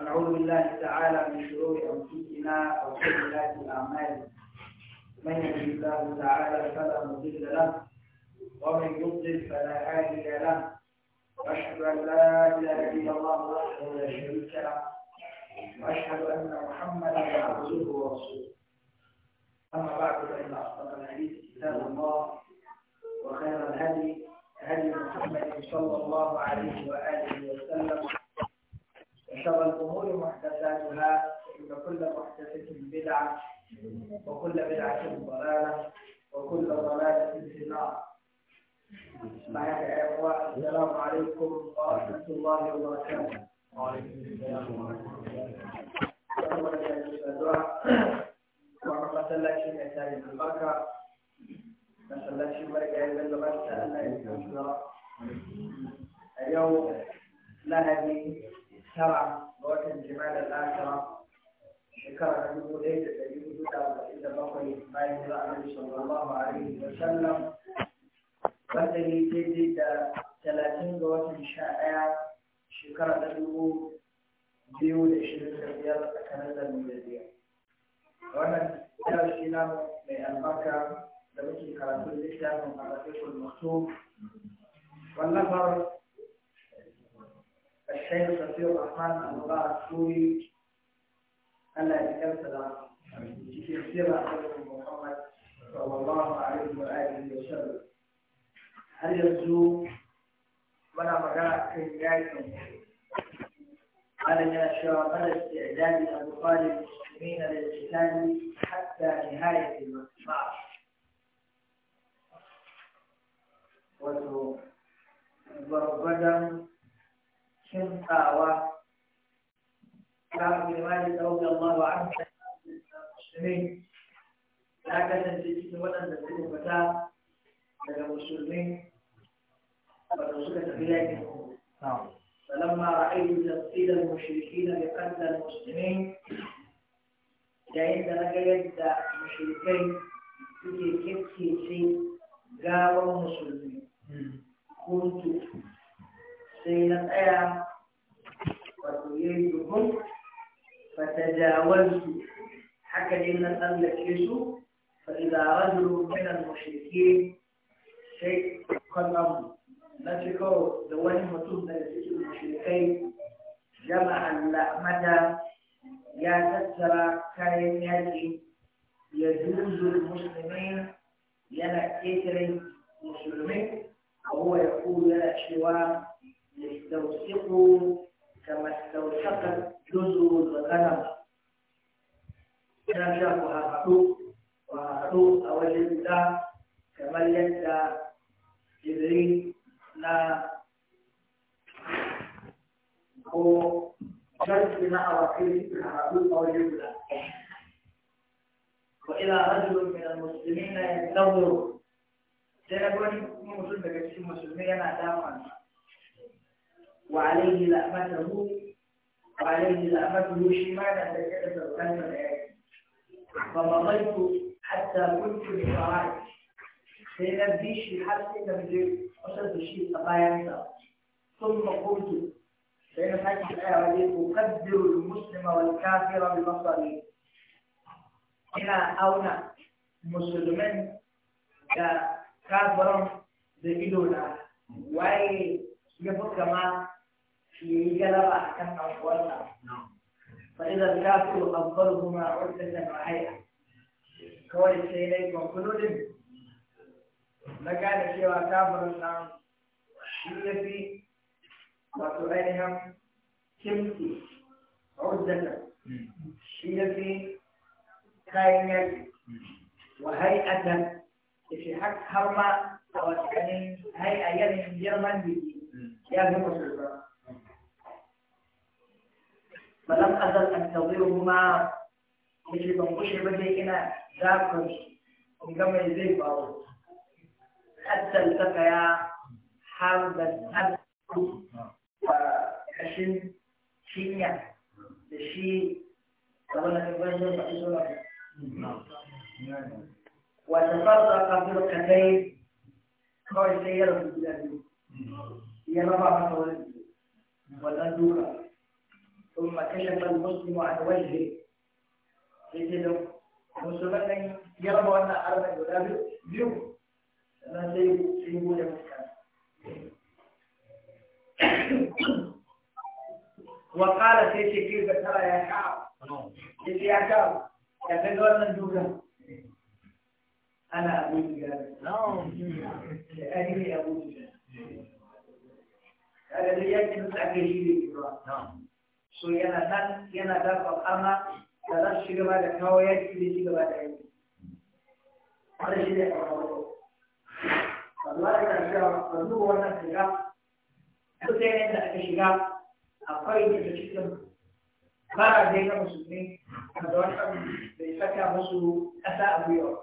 ونعوذ بالله تعالى من شرور أنفسنا وسيئات أعمالنا من يهد الله تعالى فلا مضل له ومن يضلل فلا هادي له واشهد ان لا اله الا الله وحده لا شريك له واشهد ان محمدا عبده ورسوله اما بعد فان اصدق الحديث كتاب الله وخير الهدي هدي محمد صلى الله عليه واله وسلم وشر الأمور محدثاتها إن كل محدثة بدعة وكل بدعة ضلالة وكل ضلالة في النار معك يا إخوة السلام عليكم ورحمة الله وبركاته وعليكم السلام ورحمة الله وبركاته وعلى مسلك مسائل البركة مسلك بركة بالبركة أن يكون اليوم لهدي tara ga watan jima'a da shekara dubu ɗaya da ɗari hudu da arba'in da bakwai bayan jira annabi sallallahu alaihi wa sallam wanda ne daidai da talatin ga watan sha ɗaya shekara ta dubu biyu da ishirin da biyar a kalandar miliyariya wannan darasi na mai albarka da muke karatun littafin a rafiqul maktub wallafar الشيخ صفي الرحمن المبارك السوري ألا يكفل في سيرة محمد صلى الله عليه وآله وسلم هل يرجو ولا مجال في ذلك قال يا شرفنا استعداد أبطال المسلمين للقتال حتى نهاية المعركة wato gwargwadon kimtsawa ta imani da wajen Allah wa an musulmi ya kasance cikin waɗanda suka fita daga musulmi wato suka tafi yaƙi فلما رأيت تفصيل المشركين لقتل المسلمين yayin da na ga yadda mashirikai suke kirkice gawar musulmi hmm. sai na tsaya wato ya yi dubun fata haka ne na tsallake su fa'iza rajulu min al sai kallon na ci da wani mutum da cikin mushrikai jama'an la'amada ya tattara kayan yaƙi ya juzu musulmi yana ƙetare musulmi a huwa ya yana cewa يستوثقوا كما استوثقت جزر الغنم كان شاف وهاهو وهاهو أوجد كما يدى جبريل لا هو جلس من أراكيل هاهو أوجد وإلى رجل من المسلمين ينتظر سيكون مسلم بكثير مسلمين أنا دائما وعليه لأمته وعليه لأمته شمالا سجدة الغنم الآية فمضيت حتى كنت بالفرائض سيدنا بديش لحد كده بجيب وصلت الشيء قضايا ثم قلت فإن في الآية عليك أقدر المسلم والكافر بمصري إلى أونا مسلمين كافرون بإدونا وأي يفوت كما في جلب أحكام أقوالنا فإذا الكافر أفضلهما عدة وهيئة kawai sai dai konkludin na gane cewa kafirin nan shi ya fi wato ainihin kimti uzzata shi ya fi kayan yaki wa hai'atan da shi har ma a wasu ganin hai'a yanayin girman jiki ya fi musulmi فلم أزل أنتظرهما مجي من قشي بدي إنا ذاكر وقم يزيب بارو حتى التقيا حربا حربا وحشم شينيا بشي قبل الرجل رئيس وتفرق فرقتين كوي سيرة في البلاد يرفع مصورين ولا دوكا ثم كشف المسلم عن وجهه يجد مسلمان يرى أن أرضا يدافع بيوم أنا سيقول مسكان وقال سيدي كيف ترى يا كعب سيدي يا كعب يا بدر من دوله أنا أبو دجال لأني أبو يا الذي يجب يا أكله نعم so yana nan yana dafa amma da za su shiga ba da kawo yaki da shiga ba da yaki wanda shi ne a kawo wallahi na cewa ba zuwa wannan shiga duk da yadda aka shiga akwai daga cikin fara dai na musulmi da wani abu bai saka musu ƙasa a gwiwa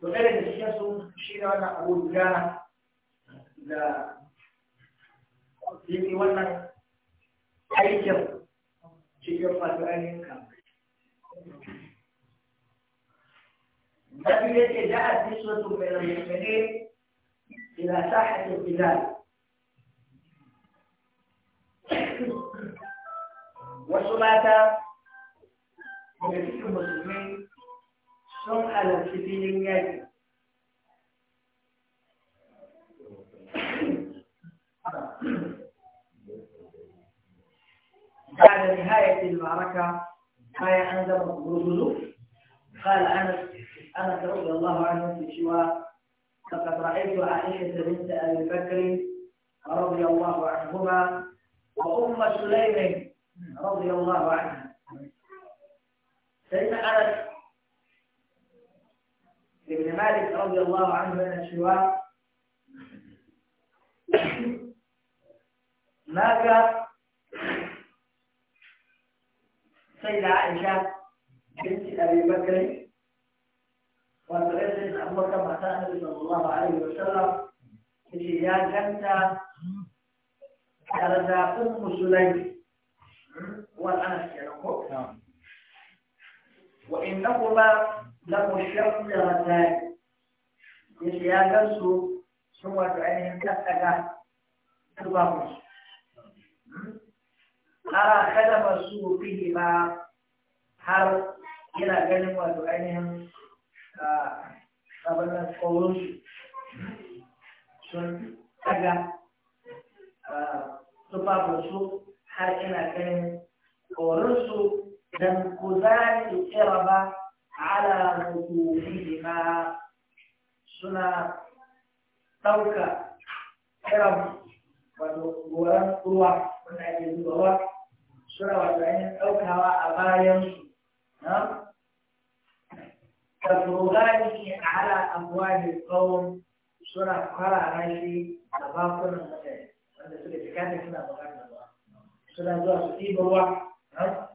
to ɗaya da cikin su shi ne wannan abu guda da yi wannan aikin cikin masu ainihin kamar. النبي يجي جاءت نسوة من المؤمنين إلى ساحة الجبال وسماتا ومثل المسلمين سمع الفلسطينيين بعد نهاية المعركة هيا أنزل الرجل قال أنس أنس رضي الله عنه في شواء لقد رأيت عائشة بنت أبي بكر رضي الله عنهما وأم سليم رضي الله عنها سيدنا أنس بن مالك رضي الله عنه من الشواء na ga sai da aisha binci abi bakari wato ya sai abubakar mata annabi sallallahu alaihi wa sallam yace ya ganta tare da ummu sulai wal anas kenan ko wa innahuma ya gansu ainihin ara kada masu fihi ma har yana ganin wato ainihin abin tsoron sun daga su har yana ganin su don ku za su tsira ba ala rukufi ma suna ɗauka irin wato goran ruwa wanda ake zuwa suna wata ainihin ɗaukawa a bayansu كالبروغاني على أموال القوم سنة قرى عشي أباطل المسائل عند سورة كانت سنة مغانا سنة زوى سطيب هو سنة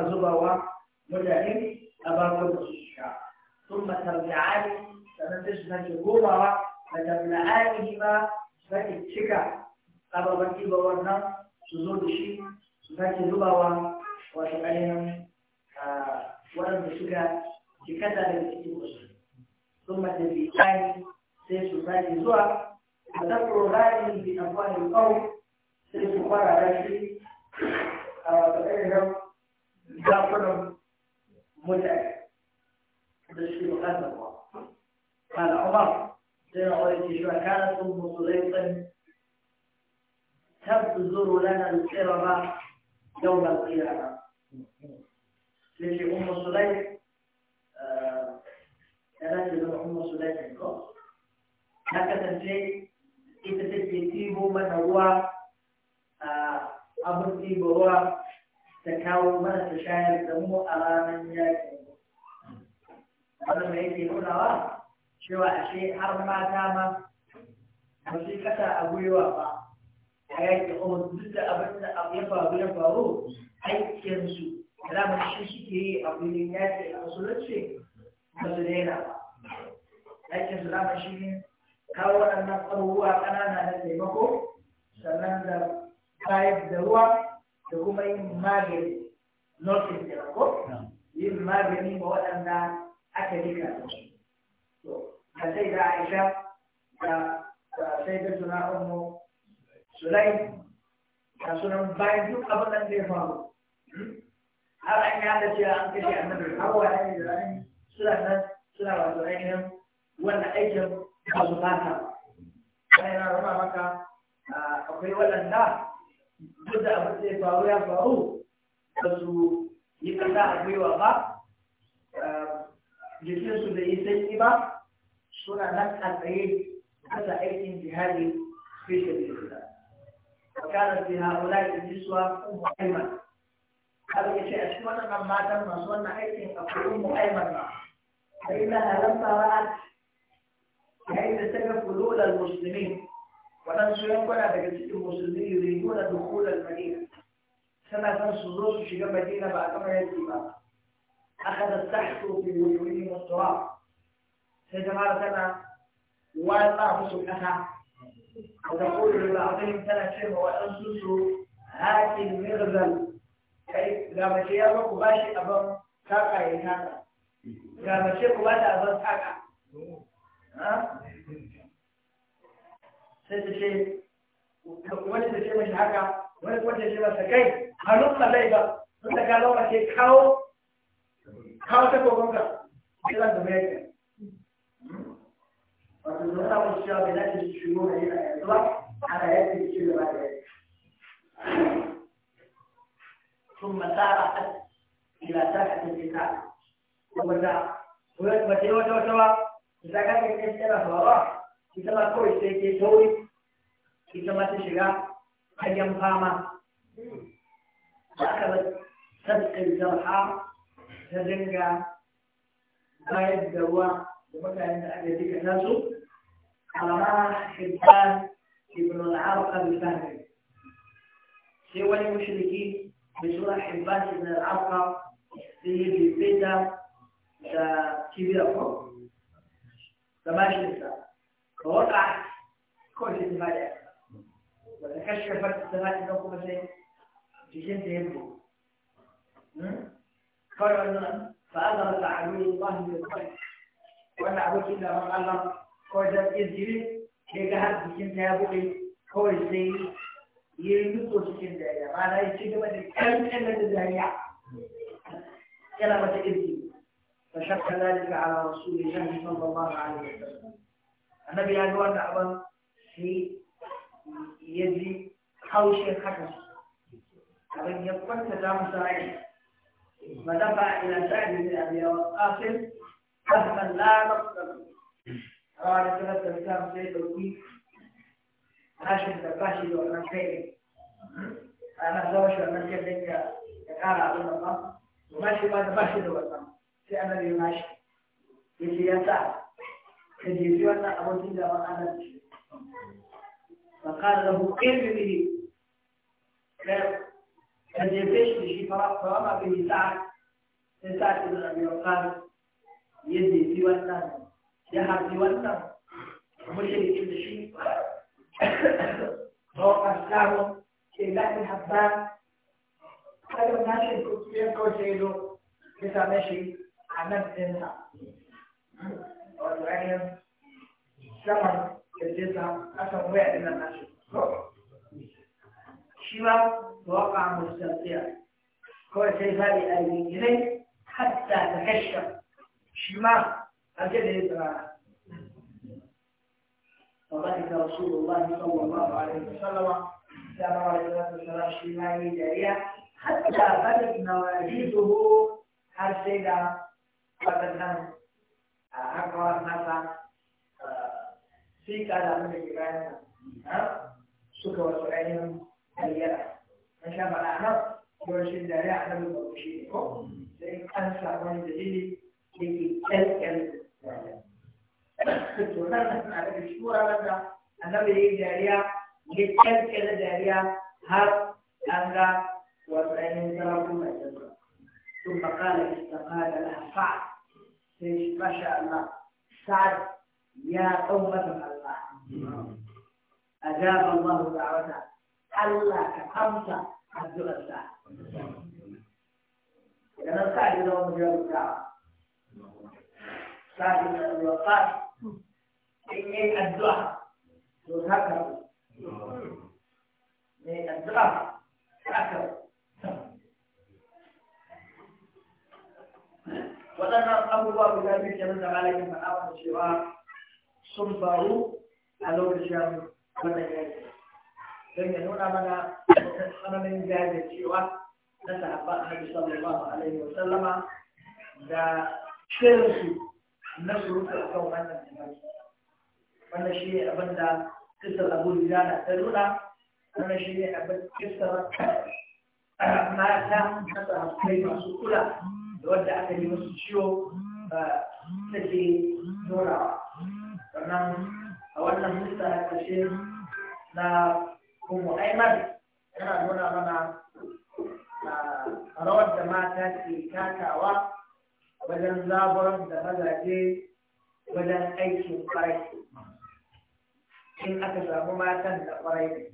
نعم. زوى هو مجاهم أباطل الشعب ثم ترجعان سنتش نجهوما فتبلعانهما فتتشكا أبا بطيب هو النام سزود الشيء zaki zubawa wato ainihin waɗanda suka jikata daga cikin wasu sun mace bi tsani sai su zaki zuwa a tafuro rani bi amfani ƙau sai su fara rashi a ainihin zafunan mutane da suke bukatar kuwa. sai na ke kana sun musulai lana يوم القيامة لجي أم سليك كانت لجي أم سليك الكوز نكتا جي إتتتي تيبو من هو أبر آه، تيبو هو تكاو من تشاهد دمو على من يأتي ولم يأتي هنا آه، شو أشيء حرم ما تاما مشيكة أبو يوفا a yaƙi ohun duk da abin da ya faru ya faru aikinsu alamar shi suke yi a filin yaƙi a musulunci ba su daina ba aikin su lamar shi ne kawo waɗannan ƙaruwa ƙanana na taimako sannan da bayar da ruwa da kuma yin magani notin da yin magani ma waɗanda aka dika da su. Ka sai da Aisha da sai da suna umu sulai ta sunan bayan duk abin nan da ya faru har an yi hada cewa an kashe annabi har wa ne da rani suna nan suna wato ainihin wannan aikin ba su fata ba yana zama maka akwai waɗanda duk da abin da ya faru ya faru ba su yi kasa a gwiwa ba jikinsu da yi sanyi ba suna nan a tsaye kasa aikin jihadi fi shabilillah وكانت لهؤلاء النسوة أم أيمن قالوا يا شيخ ما ما تم نصوان حيث تقول أم أيمن فإنها لما رأت كيف سبب دول المسلمين وننسوا ينقل على جسد المسلمين يريدون دخول المدينة سنة تنسوا في شجاب مدينة بعد ما يجب أخذت تحته في وجوههم التراب سيدنا قالت أنا وأنا أفسد أخاه وتقول للعظيم تنا شيخ وأنسوس هاتي المغزل كي لما شيخ وباشي أبن ساقا ينهانا لما شيخ وباشي أبن ساقا ها؟ سيدي wani da ce mashi haka wani kuma ce masa kai hannun mallai ba sun da gano kawo ta kogonka sai zan da mai المنطق الشعبي لكن الشيوع إلى يطلق على يد الشيء بعد ثم سار إلى ساحة الكتاب وبدا ولد متيوة وسوا إذا كان يكسر فراغ إذا ما كوي سيكي توي إذا ما تشجع أيام فاما أخذت سبق الجرحى تزنجا بايد دواء ومتى عند أجدك ناسو قرأ حبان ابن العرق الفهري سوى المشركين بسورة حبان ابن العرق في البيتا كبيرة فوق ثمانية سنة فوقعت كل شيء السماء وتكشفت السماء فوق شيء في جنسهم قالوا فأذرت عدو الله بالقلب وأن عدوك إلا من الله kawai don izgirin ya ga har bikin da ya buɗe kawai sai ya yi nutso cikin dariya ya ci gaba da ƙarfin da dariya yana mata izgiri fa shakka zalika ala rasulillahi sallallahu alaihi wasallam annabi ya ga wannan abin sai ya ji haushin haka abin ya kwanta madafa ila sa'id bin abi waqas qasman la nafsa قال ثلاثة الإسلام سيد الوكي هاشم تباشي ومن سيد أنا زوج ومن سيد لك يقال عظيم الله وماشي بعد باشي ومن في أمل يماشي يجي يسع يجي يسوى أبو تيجا وأنا فقال له كيف به قد يفيش بشي فراغ فراغ به سعد سعد بن أبي وقال يدي سوى الناس ya harfi wannan mushrikin da shi tsohon samun ke zaɓin habba kada na shi kusuriyar kawai sai zo ya same shi a nan ɗinsa wato ainihin saman kirjinsa akan waya ɗin nan nashi shi ma waƙa musulmiya kawai sai zaɓi a yi gine hatta ta kashe shi ma akéde ìtura ọba ìta ọsùn ọba ìta ọba àwọn ìṣọlọwà tí a máa wáyé láti sọlá sí láyé ìjẹríà àti sai ìnáwó àti ìṣòwò àṣẹdá pátákánu àkọ àtàkà sí kàdà ní ìlú ìbáyà sókè wọ́n sọ̀rọ̀ ẹni àyẹ̀rẹ̀ ẹ̀ṣẹ̀ bàlá àná yóò ṣe ìjẹríà àná ló bọ̀ ọ́ ṣe é kọ́ ṣe é kánṣá wọn ìjẹ́lẹ́lẹ́ ṣe é kẹ́lẹ́kẹ́lẹ́. to nan a da shi wuraren da annabi yayi dariya ثم قال استقال لها سعد ما شاء الله سعد يا أمة الله أجاب الله دعوتها ألا كأمسى الدعاء الساعة إذا السعد هو مجال الدعوة sa'id bin waqas in yi addu'a to haka ne addu'a haka abubuwa guda biyu kenan da malamin faɗa mana cewa sun faru a lokacin wannan yaki don ya nuna mana tsananin jajircewa na sahabban annabi sallallahu alaihi wa sallama da shirinsu na surutu a kan wannan jimai wannan shi ne abin da kisar abu lilana ta nuna wannan shi ne abin kisar mata na sahabbai masu kula da wadda aka yi musu ciwo ta ke nurawa sannan a wannan lista na ƙarshe na kuma aiman yana nuna mana rawar da mata ke takawa wajen zaburar da mazaje wajen aikin kwarai in aka samu matan da kwarai ne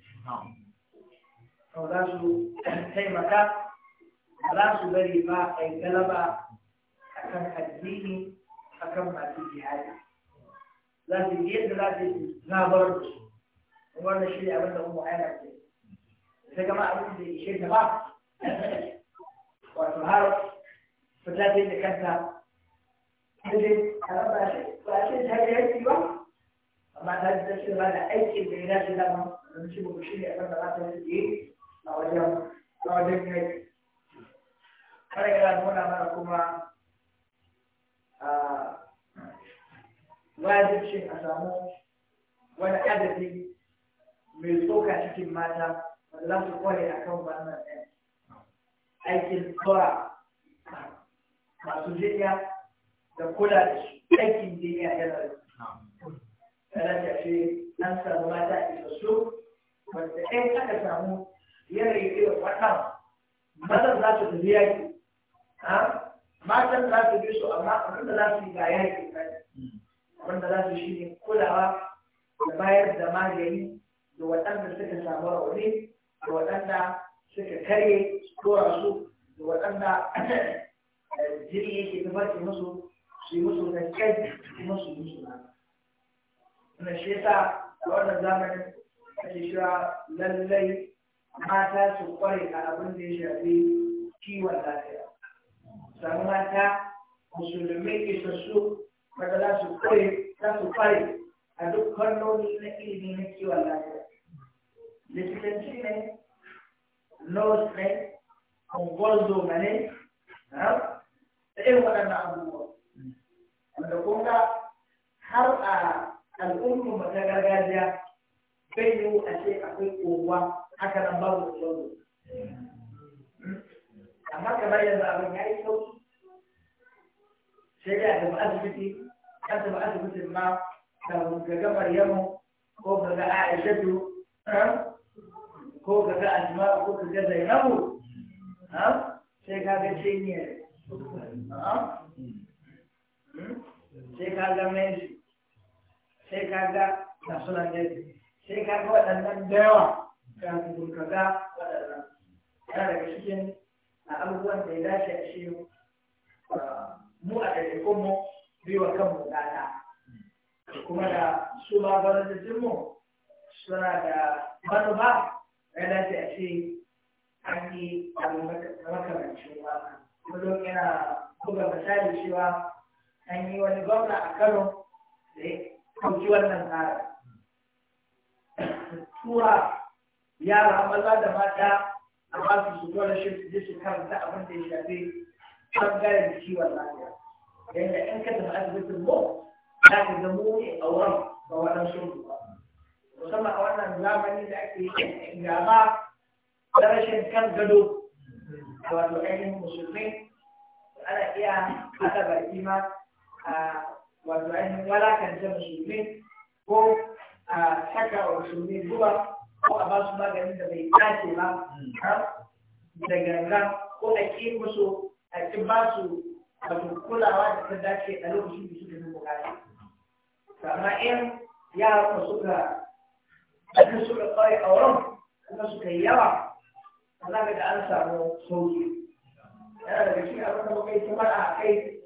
to za su taimaka za su bari ba a yi galaba a kan addini a kan masu jihadi za su yi yadda za su yi zaburar da su wannan shi ne abin da kuma ayyana ce sai gama abin da ya ishe ta ba wato har fita ce da kanta dole a ba shi ba ta yi aiki ba amma ta ji tashi ba da aikin da ya dace da ma don shi ba shi ne a kan da za ta yi a wajen a wajen kai kare gara nuna mana kuma wajibcin a samu wani adadi mai tsoka cikin mata wanda za su kware a kan wannan eh, aikin tsora masu jiya da kula da shi aikin jiya yana da kana da shi an samu mata isassu wanda ɗan aka samu yanayi irin wannan mazan za su tafi yaki. matan za su bi su amma abinda za su yi ba yaƙi abin da za su shi ne kulawa da bayar da magani da waɗanda suka samu rauni da waɗanda suka karye tora su, da waɗanda jirgi yake ta baki musu su yi musu da kai kuma su yi musu na wannan shi yasa a wannan zamanin ake cewa lallai mata su kware a abin da ya shafi kiwon lafiya samu mata musulmi ke sassu wanda za su kware za su kware a duk fannoni na ilimi na kiwon lafiya likitanci ne nurse ne ungozoma ne da irin waɗannan abubuwa wanda kun ga har a al'ummar mu gargajiya bai yiwu a ce akwai kowa haka nan babu kowa amma kamar yanzu abin ya yi sauki sai dai a tafi asibiti an tafi asibitin ma ga ga Maryamu ko ga ga Aishatu eh, ko ga ga Asma ko ga Zainabu eh, sai ka ga cinyar sai ka ga menji sai ka ga national navy sai ka ga waɗannan da yawa ka ga waɗannan yana daga cikin abubuwan da ya dace a shi ah, mu a ɗaiɗaikunmu a kanmu ɗata kuma da su ma gwamnatinmu suna da manufa ya dace a ce an yi abu makamancin waka kullum yana buga misali cewa an yi wani gwamna a Kano da ya kauci wannan tsarin. Tura yara maza da mata a basu su scholarship su je su karanta abin da ya shafi ɓangaren kiwon lafiya. Yadda yan ka tafi asibitin mu za ka ga mu a wurin ba waɗansu ba. Musamman a wannan zamani da ake gaba da rashin kan gado da wato ainihin Musulmi, ana iya haɗa baki ma a wato ainihin walakanta Musulmi, ko a saka wa zuba ko a basu maganin da bai dace ba da ganga ko a ƙi musu a ƙi su wato kulawa da ta dace a lokacin da suka fi bukata. Amma in yara suka suka suka kawai auren kuma suka yi yawa za ka da an samu sauki yana daga cikin abin da muka yi a kai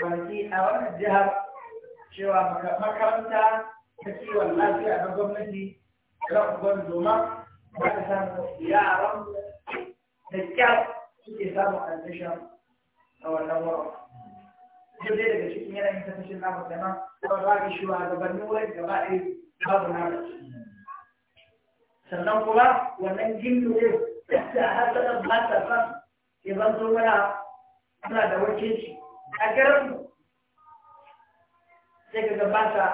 baki a wannan jihar cewa makaranta ta kiwon lafiya na gwamnati na unguwar zoma za ka samu yaran da kyau suke samun admission a wannan wurin. Duk dai daga cikin yanayin kasashen namu da nan, kawai ba ki shuwa gabanin wurin gaba ɗaya babu na Sannan kuma wannan gindin yadda har sanar ba ta san ke ban zo mana suna da wakilci a garin sai ka gabata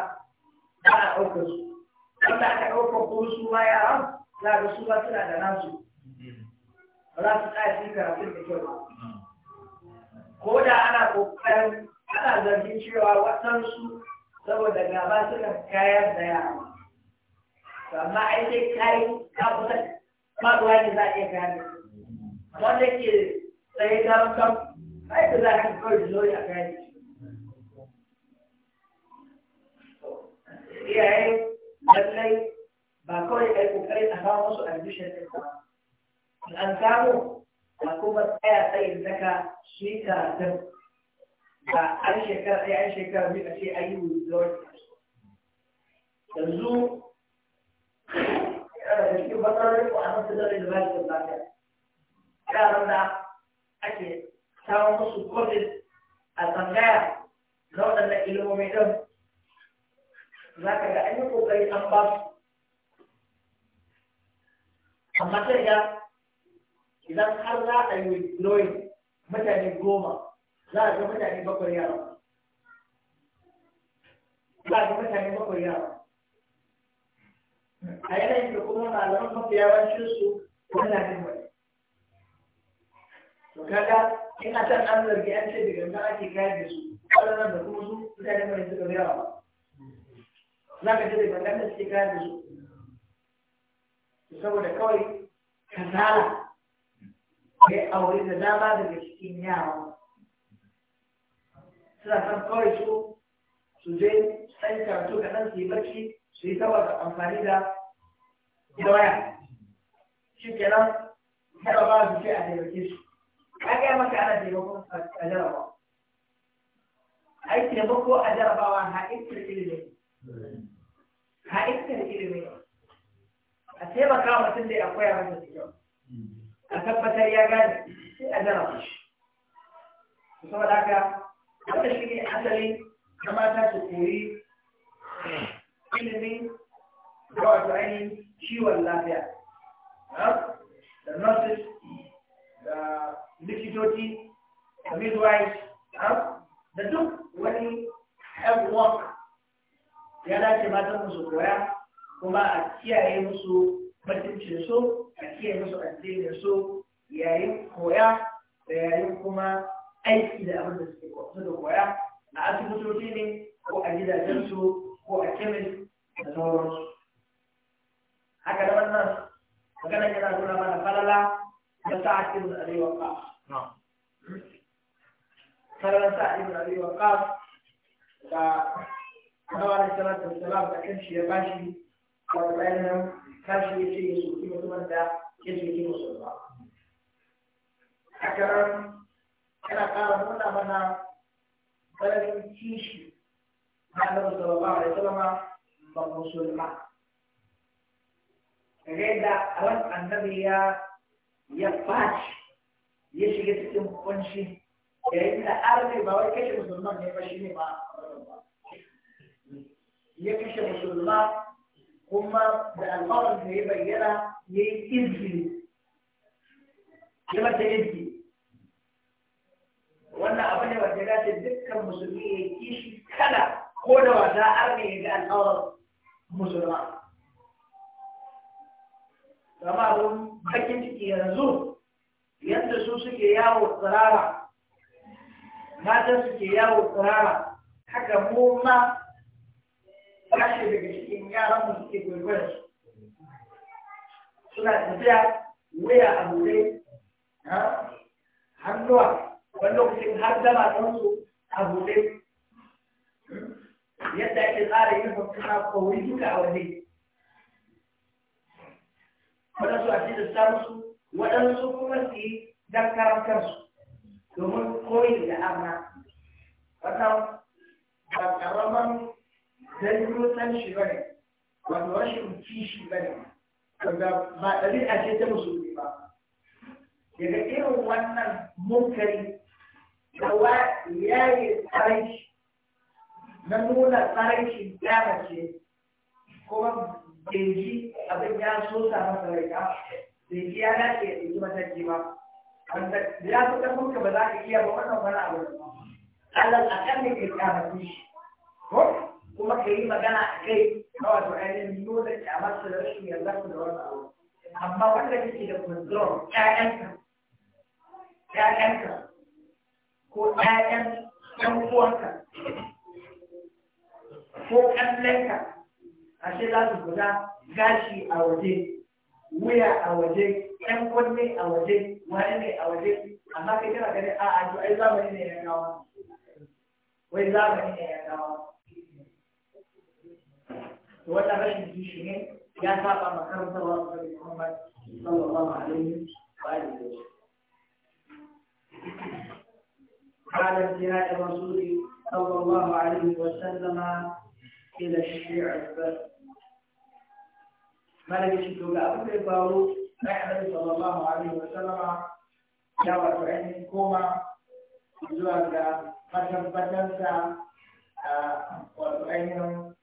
ba a ɗaukar su wanda aka ɗaukar kuma su ma yara za ga su ba suna da nasu ba za su tsaya cikin karatun da kyau ba ko da ana ƙoƙarin ana zargin cewa waɗansu saboda gaba suna kayar da yara amma ai sai kayi ka kusa faɗuwa ne za a iya gane wanda ke tsaye ga kan ai da za a kan kawai da lori a gane iyaye lallai ba kawai kai kokari a kawo musu admission ɗin ba an samu ba kuma tsaya tsayin daka su yi karatun a an shekara ɗaya an shekara biyu a ce ayi wuzon yanzu daga cikin matsalolin ku a nan su da yaran da ake samun musu covid a tsangaya na waɗannan ilimomi ɗin za ka ga an yi an ba su amma sai idan har za a yi growing mutane goma za a ga mutane bakwai yara za a ga mutane bakwai yara a yanayin da kuma malaman mafi yawancin su wannan ne wani to kaga in a an zargi an ce daga nan ake kayar da su waɗannan da kuma su mutane mai suka gaya ba za ka ce daga nan da suke kayar da su saboda kawai ka kasala ya aure da dama daga cikin yawa suna san kawai su su je san karatu kaɗan su yi barci su yi saboda amfani da da waya shi kenan kada ba su ce a taimake su ka gaya maka ana taimakon a jarabawa ai taimako a jarabawa ha'intar ilimi ha'intar ilimi a taimaka mutum da ya koya masa da kyau a tabbatar ya gane sai a jaraba shi saboda haka wanda shi ne asali na mata su koyi ilimi ga wato ainihin kiwon lafiya da nurses da likitoci da midwives da duk wani health work ya dace matan musu koya kuma a kiyaye musu mutuncin su a kiyaye musu addinin su yayin koya da yayin kuma aiki da abin da suke koya a asibitoci ne ko a gidajensu ko a kemis da sauransu haka da wannan magana yana nuna mana falala da sa'ad ibn abi waqas falala sa'ad da abi waqas da Nawa da salatu wasalam da shi ya ba shi, bashi wato ainihin kashi ya ce ya soki mutumin da ya soki musulma. Haka yana ƙara nuna mana tsananin kishi na Annabi sallallahu alaihi sama ba musulma. yadda abar annabi ya ya faci ya shiga cikin kunshi da yadda ba wai kashe musulman ne ba shi ne ba ya kashe musulma kuma da alfarar da ya bayyana ya yi izini ya mata izini wannan abu ne wanda ya dace dukkan musulmi ya yi kishi kada ko da wata arne ya ga alfarar musulma kama abin bakin ciki yanzu yadda su suke yawo tsirara mata suke yawo tsirara haka mu ma tashi daga cikin yaran mu suke gwaigwayar su suna tafiya waya a bude hannuwa wanda lokacin har dama ɗansu a bude yadda ake tsara yin suna kowai duka a waje waɗansu a cikin musu waɗansu kuma su yi don karan kansu domin koyi da amma wata ba ƙaramin dangotan shi ba ne wato rashin kishi ba ne wanda ba ɗabi'a ce ta musulmi ba daga irin wannan munkari kawa ya yi tsarai na nuna shi ya ce kuma bai ji abin ya so sa masa rai ba bai ji ya dace ya ɗauki mataki ba wanda ya fi ƙarfin ka ba za ka iya ba wannan wani abu da ba alal akalli kai kyamatu shi ko kuma ka yi magana a kai na wato ainihin nuna kyamarsa da rashin yarda da wani abu amma wanda kake da control ƴaƴanka ƴaƴanka ko ƴaƴan ƴan uwanka ko ƙannenka ashe za su guda gashi a waje wuya a waje ɗan kunne a waje wani ne a waje amma kai kana ganin a a to ai zamani ne ya kawo wai zamani ne ya kawo to wannan rashin kishi ne ya saba makarantar wa Muhammad sallallahu alaihi wa alihi wa sallam بعد انتهاء الرسول صلى الله عليه وسلم إلى الشعب malaka shi to ga abin da ya faru na annabi sallallahu alaihi wa sallama ya wato ainihin koma zuwa ga matabbatarsa a wato ainihin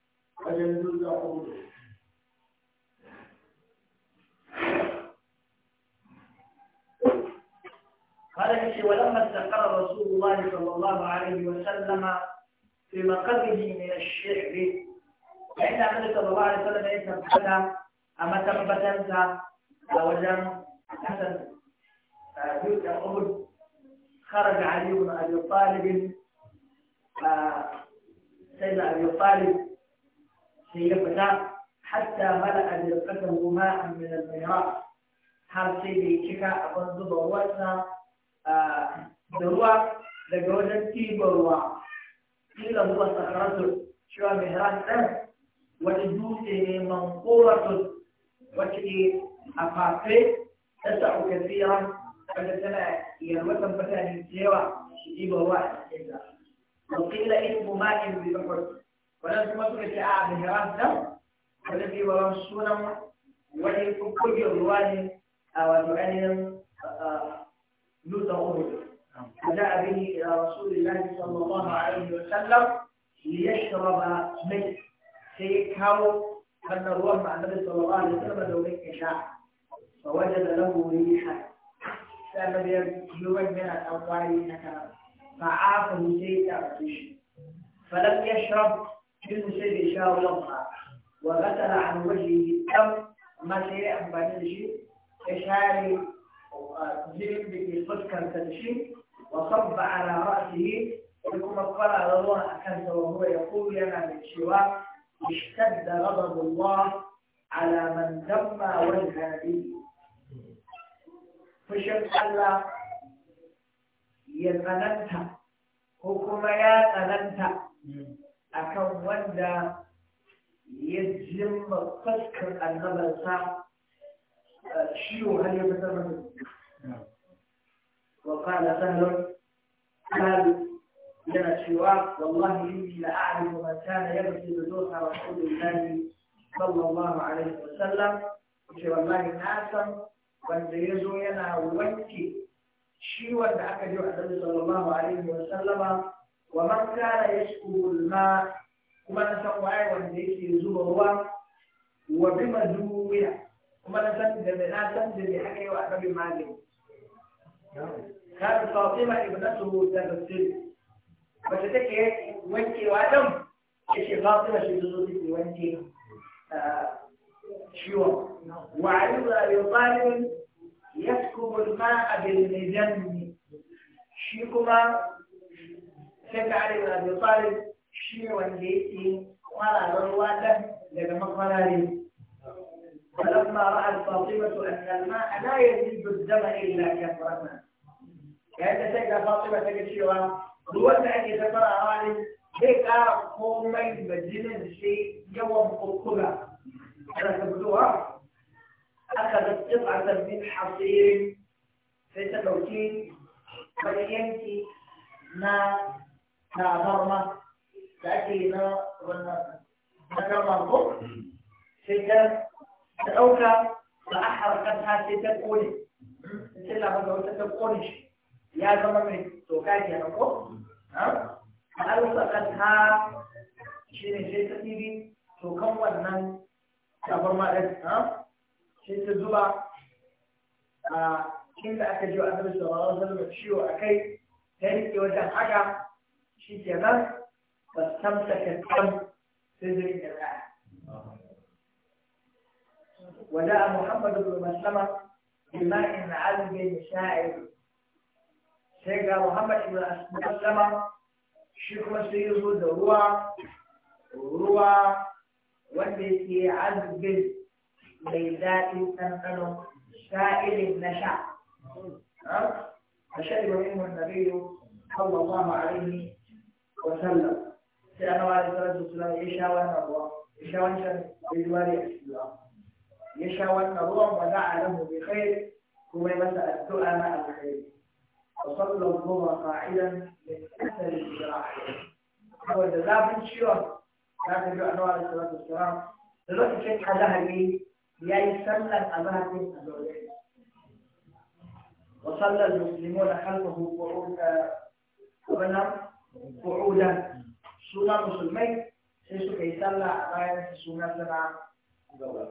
wajen dutsen hudu قال شيء ولما استقر رسول الله صلى الله عليه وسلم في مقره من الشعر فإن النبي صلى الله عليه وسلم يتبعنا a matabbatarsa a wajen hasan biyu da uhud خرج علي بن ابي طالب سيدنا ابي طالب في فتاة حتى ملأ برقته ماء من الميراث har sai da ya cika abin zuba ruwansa da ruwa daga wajen ɗiban ruwa ƙila ruwa sakaratul cewa mai ɗan wani dutse ne mankoratun wacce a fafe ta sa'u kasira wanda tana yalwatan mutane da yawa su ɗiba ruwa a cikinta. Wakila ismu ma'in bi bakwai. Wannan kuma suka ce a abin haram nan wanda wani ne a wato ainihin dutsen Uhud. فجاء به إلى رسول الله صلى الله عليه وسلم ليشرب سيكهو أن الله مع النبي صلى الله عليه وسلم لو منك شاع فوجد له ريحا فالنبي يوجد من الأموال فعافه شيء فلم يشرب منه شيء شاء الله وغسل عن وجهه الدم ما شيء بعد شيء إشاري زين بكي صدقا تدشي وصب على رأسه ثم على الله أكنت وهو يقول لنا شواء اشتد غضب الله على من تم وجه Allah ya tsananta ko kuma ya tsananta akan wanda ya jimma fuskar annabarsa ciwo har ya yana cewa wallahi inni la a'lamu man kana yabdu duha rasulillahi sallallahu alaihi wasallam ce wallahi na san wanda ya zo yana wanke shi wanda aka ji annabi sallallahu alaihi wasallama wa man kana yashkubu al-ma kuma na san waye wanda yake zuba ruwa wa bima duwiya kuma na san da na san da me aka yi wa annabi magani كانت فاطمة ابنته تغسل wacce take wankewa ɗin ya ce fatima shi zo su wanke ciwon wa alibu abi talib yaskubu al-ma'a bil mijan shi kuma sai ka alibu abi talib shi wanda yake kwararar ruwa ɗan daga makwarare فلما رأت فاطمة أن الماء لا يزيد الدم إلا كثرة. يعني تجد فاطمة تجد شيئا ruwan da ake tafarawa ne zai ƙara komai da jinin shi yawan kurkura ana ta fitowa aka da tsibar da bin hasirin sai ta ɗauki wani yanki na tabarma da ake na wannan tabarma ko sai ta ɗauka ba a harkar ta sai ta ƙone sai labar da wata ta ƙone shi ya zama mai doka ke na ko alfakan ha shi ne sai ta ɗiri tokan wannan shafar maɗin sai ta zuba a inda aka ji wa annabi sallallahu alaihi wasallam ciwo a kai ta ke wajen haka shi ke nan ba samsa kakkan sai zai riƙe kaya وجاء محمد بن مسلمة بماء عذب شاعر sai ga Muhammad ibn Aslama shi kuma sai ya zo da ruwa ruwa wanda yake azbin mai daɗin ɗanɗano sa'irin na sha na sha ibrahim wa nabiyu sallallahu alaihi wa sallam sai an wa da sallallahu ya sha wannan ruwa ya sha wancan bai zuwa da ya sha wannan ruwan ba za a rahu bi khair kuma ya masa addu'a na alkhairi وصلى الظهر قاعدا من اثر الذراع saboda zafin ciwon za ka biyo annawa da salatu wasalam da lokacin azahar ne ya yi sallar azahar ne a zaure wa sallar muslimu da halkahu qu'udan suna musulmai sai suka yi sallah a bayan suna sana gaba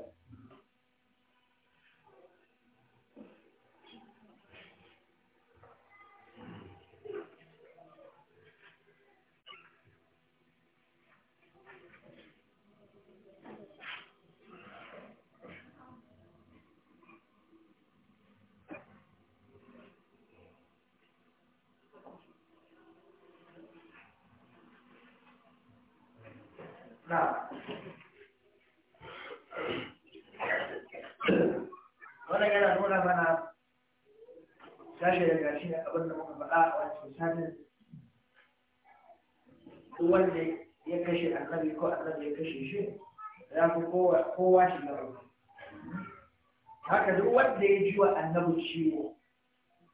wannan yana nuna mana tashi daga shi abin da muka faɗa a wancan sanin wanda ya kashe annabi ko annabi ya kashe shi ya fi kowa shi na rabu haka duk wanda ya ji wa annabi ciwo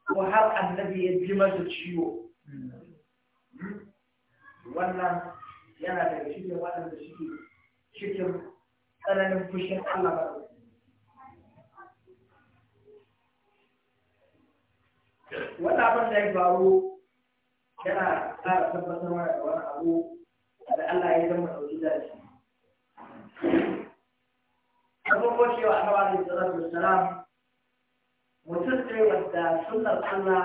ko har annabi ya ji masa ciwo hmm, wannan yana daga cikin waɗanda suke cikin tsananin fushin Allah ba wani abin da ya faru yana ƙara tabbatarwa da wani abu da Allah ya zama ɗauki da shi. Na farko cewa a hawa da salatu salam mutum ne wanda sunnar Allah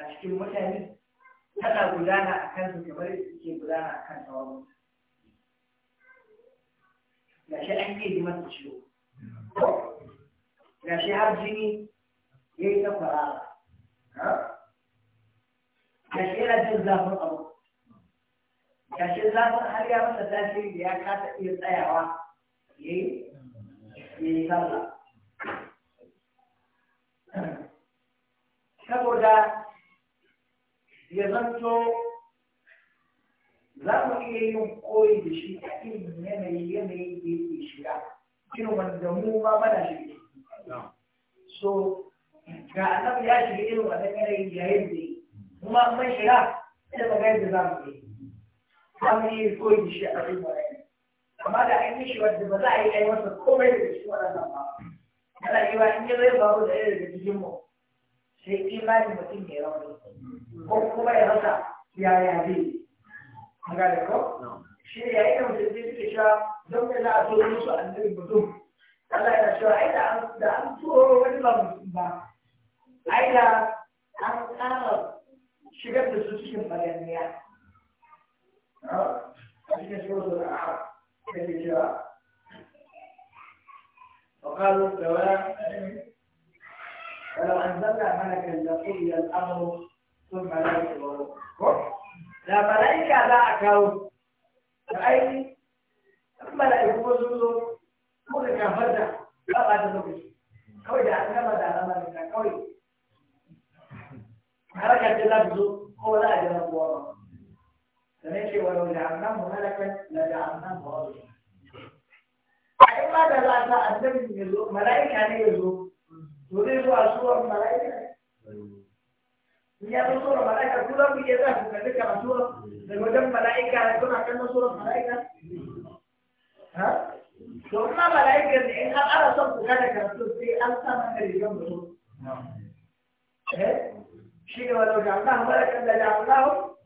a cikin mutane tana gudana a kansu kamar yadda suke gudana a kan sauran ga shi an yi masa ciwo ga shi har jini ya yi ta fara ga shi yana jin zafin abu ga shi zafin har ya masa tashi da ya kasa iya tsayawa ya yi ya yi sallah saboda ya zanto za mu iya yin koyi da shi a irin yanayi yanayi da yake shiga irin wanda mu ma mana shi so ga annabi ya shiga irin wannan yanayi yayin da kuma mun shiga da mu gaida za mu yi za mu iya koyi da shi a irin wannan amma da an yi shi wanda ba za a yi ai masa komai da shi waɗannan ba yana yi wa in yi zai faru da irin da jikin mu sai imanin mutum ya rauni kuma ya rasa yaya zai an gane ko shi ne yayin da mutum zai suke cewa don me za a so musu annabi mutum Allah yana cewa ai da an da an tsoro wani ba mutum ba ai da an ƙara shigar da su cikin bayaniya a cikin shigar da a kake cewa وقالوا سواء فلو أنزلنا ملكا لقضي الأمر da mala'ika za a kawo mala'iku sun zo kafar da ba kawai da gama da ka kawai harkar da za ta zo ko za a jira kowa ba da nake da mu halakar da da annan ba wani a in ma da za annabi ya zo mala'ika ne ya zo to zai zo a suwar mala'ika ya zo sura mala'ika ku za ku iya za ku kalli karatu daga wajen mala'ika kuna kallon sura mala'ika ha to kuma mala'ika ne in har ana son ku gane karatu sai an sa maka rigar mutum eh shi ne walau da Allah malakan da Allah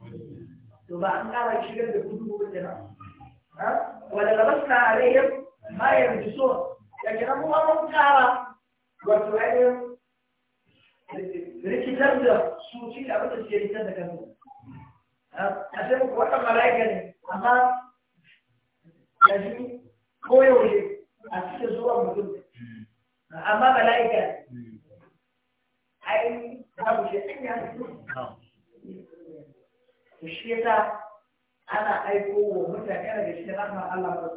to ba an kara shigar da gudu ba kenan ha wala labasta alaihim ma yarjisun da kenan kuma mun kara wato ainihin rikitar da su shi da abin da suke rikitar da kansu a sai muku wannan mala'ika ne amma yanzu koyaushe a cikin zuwan mutum amma mala'ika ne ai babu shi anya to shi yasa ana aiko wa mutane daga cikin rahmar Allah ba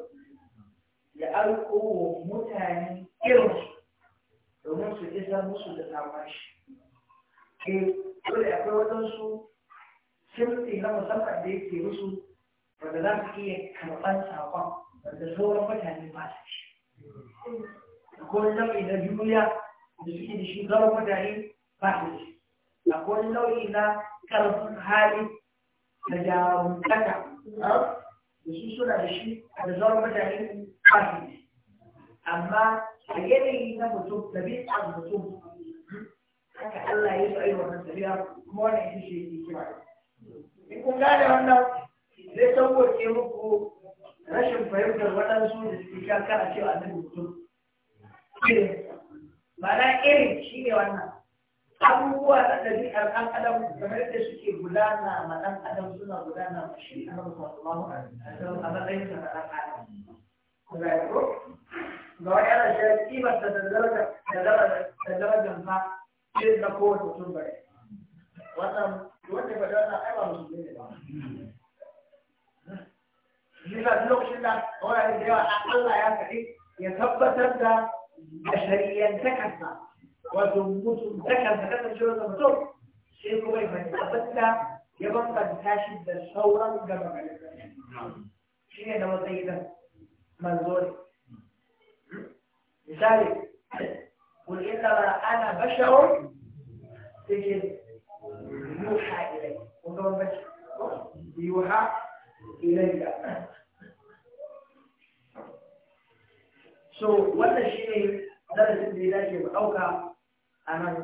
ya aiko wa mutane irin domin su isa musu da samun shi eh dole akwai waɗansu sirri na musamman da yake musu wanda za su iya karɓar saƙon wanda sauran mutane ba su shi akwai nau'i na juriya da suke da shi sauran mutane ba su shi akwai nau'i na ƙarfin hali da jarumtaka ah, da su suna da shi da sauran mutane ba su shi amma a yanayi na mutum da bisa mutum haka Allah ya so wa nan tafiya kuma wannan shi shi yake kira in kun gane wannan zai sauƙoƙe muku rashin fahimtar waɗansu da suke sha kana cewa annabi mutum ma'ana irin shi ne wannan abubuwa na ɗabi'ar ɗan adam kamar da suke gudana ma ɗan adam suna gudana ma shi annabi sallallahu alaihi wasallam a matsayin sa na ɗan adam ga wani ana shi kibar da da darajar sa irin na kowane mutum ba ne wannan wanda ba da wannan aiwa musulmi ne ba Nisa lokacin da wani da yawa Allah ya faɗi ya tabbatar da shari'antakarsa wato mutuntakarsa kasancewar da mutum sai kuma ya fahimci abin da ya bambanta shi da sauran gaba gari shi ne da matsayi da manzo ne misali قل إنما أنا بشر سجل يوحى إلي وهو بشر يوحى إلي so what wannan shi ne darasin da ya dace mu ɗauka a nan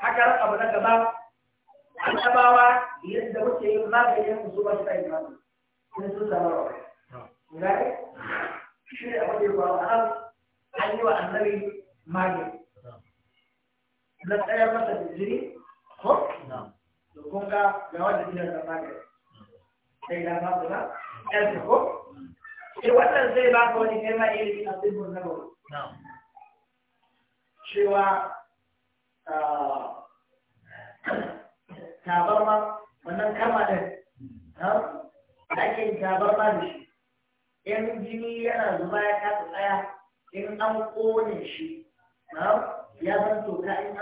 haka abu na gaba annabawa yadda muke yin maganin su ba su ta yi magani sun sun zama rawa. Gari? Shi ne abu da ya faru a nan an yi wa annabi Mage na tsayar masa da jini ko to kun ga ga wanda jinin da magani sai da ba kula ɗan ko sai wannan zai ba ka wani kai ma ilimi a tsibbin na gaba cewa ah, tabarma wannan kama ɗin da ake yin tabarma da shi in jini yana zuba ya kasa tsaya in an ƙone shi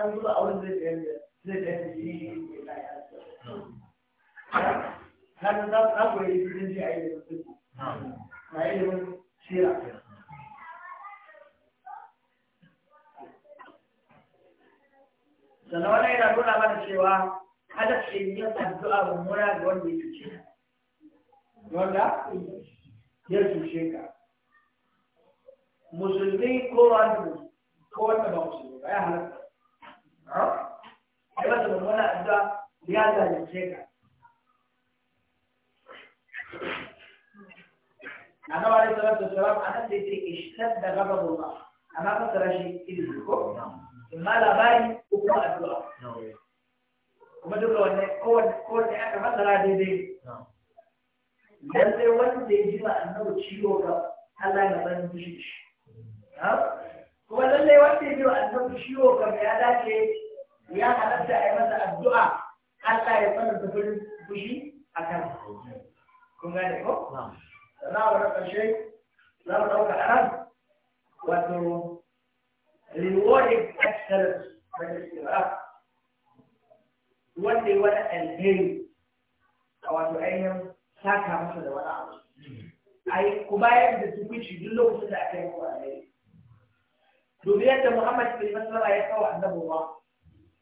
an zuba a wani zai zai zai zai zai zai alheri a wato ainihin saka masa da wani abu ai ku bayar da tukuci duk lokacin da aka yi ku alheri dubi yadda muhammad bin masara ya kawo annabi ruwa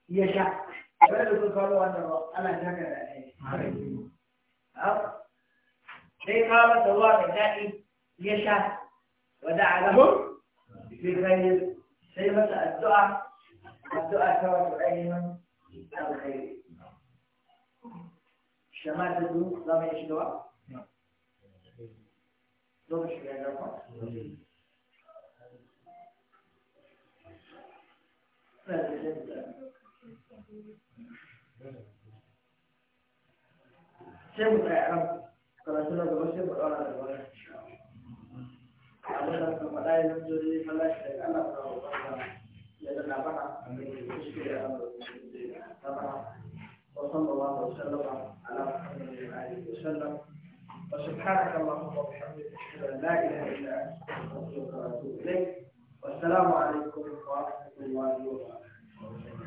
ya sha kamar da sun kawo wannan ruwa ana shaka da alheri sai kawo masa ruwa mai daɗi ya sha wada alamun bi sai masa addu'a addu'a ta wato ainihin alheri شمال الجنوب لا ما يشدوا لو مش بيعرفوا sai mu tsaya sai mu faɗa ta wa ya da na وصلى الله وسلم على محمد وعلى اله وسلم وسبحانك اللهم وبحمدك أشهد أن لا إله إلا أنت أستغفرك وأتوب إليك والسلام عليكم ورحمة الله وبركاته